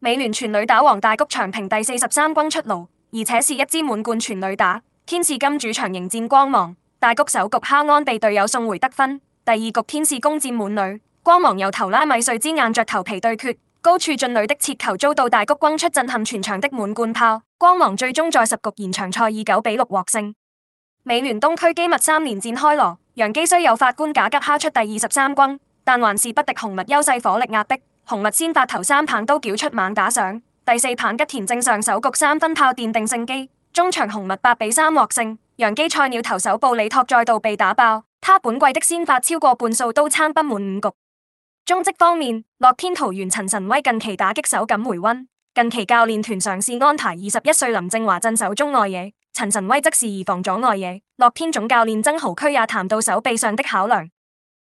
美聯全壘打王大谷翔平第四十三轟出爐，而且是一支滿貫全壘打。天使今主場迎戰光芒，大谷首局敲安被隊友送回得分，第二局天使攻占滿壘，光芒由投手拉米瑞茲硬着頭皮對決，高處進壘的切球遭到大谷轟出震撼全場的滿貫炮，光芒最終在十局延長賽以九比六獲勝。美聯東區機密三連戰開鑼，洋基雖有法官賈吉敲出第二十三轟，但還是不敵紅襪優勢火力壓迫。紅襪先發頭三棒都繳出猛打賞，第四棒吉田正尚首局三分炮奠定勝機，中場紅襪八比三獲勝。洋基菜鳥投手布里托再度被打爆，他本季的先發超過半數都撐不滿五局。中職方面，樂天桃園陳晨威近期打擊手感回溫，近期教練團嘗試安排二十一歲林正華鎮守中外野，陳晨威則是移防左外野。樂天總教練曾豪駒也談到手臂上的考量。